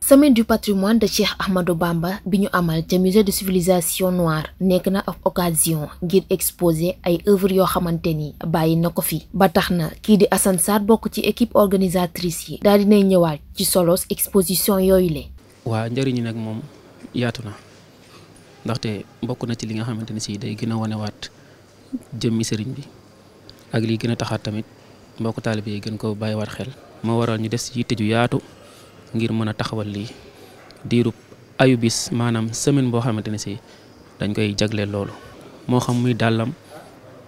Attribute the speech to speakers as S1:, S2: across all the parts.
S1: semaine du patrimoine de Cheikh Ahmadou Bamba bi ñu amal ca musée de civilisation noire nekk na ab occasion ngir exposer ay œuvre yoo xamante ni bàyyi na ko fi ba tax na kii di Assane Sarr bokk ci équipe organisatrice yi daal nay ñëwaat ci solos exposition yooyule
S2: le njariñ yi nag moom yaatu na ndaxte bokk na ci li nga xamante ni si day gën wone waat jëmmi sëriñ bi ak lii gën a taxaat tamit mbokku taalibe yi gën koo bàyyiwaat xel moo waral ñu des yitte ju yaatu ngir mën a taxawal lii diirub ayu bis maanaam semaine boo xamante ne si dañ koy jagle loolu moo xam muy dàllam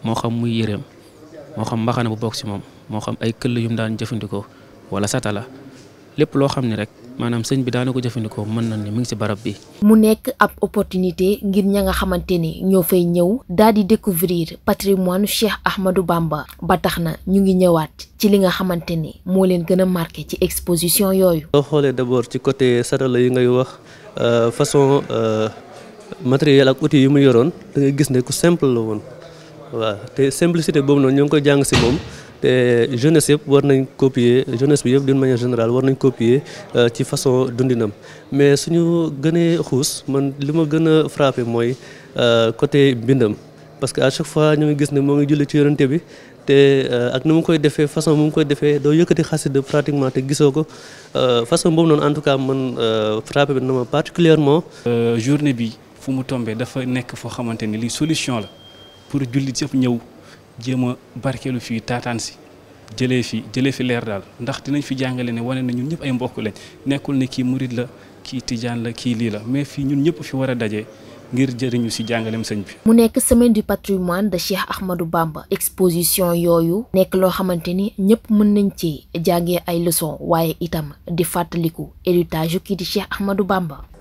S2: moo xam muy yëreem moo xam mbaxana bu bokk ci moom moo xam ay këll yu daan jëfandikoo wala satala lépp loo xam ne rek maanaam sëñ bi daana ko jëfandikoo mën na mu ngi ci barab bi.
S1: mu nekk ab opportunité ngir ña nga xamante ni ñoo fay ñëw daal di découvrir patrimoine Cheikh Ahmadou Bamba ba tax na ñu ngi ñëwaat ci li nga xamante ni moo leen gën a marqué ci exposition yooyu.
S3: soo xoolee d'abord ci côté satala yi ngay wax euh, façon euh, matériel ak outils yi mu yoroon da gis ne ku simple la woon waa te simplicité boobu noonu ñoo ngi koy jàng ci moom. te jeunes yëpp war nañ copier jeunesse bi yëpp d'une manière générale war nañ copier euh, ci façon dundinam mais suñu gënee xuus man li ma gën a frappé mooy euh, côté mbindam parce que à chaque fois ñu ngi gis ne moo ngi julli ci yorante bi te euh, ak ni mu koy defee façon mu ngi koy defee doo yëkkati xasida pratiquement te gisoo ko façon boobu noonu en tout cas man frappé bi na ma particulièrement journée bi fu mu tombee
S4: dafa nekk foo xamante ni lii solution la pour jullit yëpp ñëw jéem a barkeelu fii taataan si jëlee fi jëlee fi leer daal ndax dinañ fi jàngale ne wane nañu ñun ñëpp ay mbokk lañ nekkul ne kii murit la kii tijaan la kii lii la mais fii ñun ñëpp fi war a daje ngir jëriñu ci jàngalem sëñ bi.
S1: mu nekk semaine du patrimoine de Cheikh Ahmadou Bamba exposition yooyu. nekk loo xamante ni ñëpp mën nañ ci jàngee ay leçons waaye itam di fàttaliku héritage kii di Cheikh Ahmadou Bamba.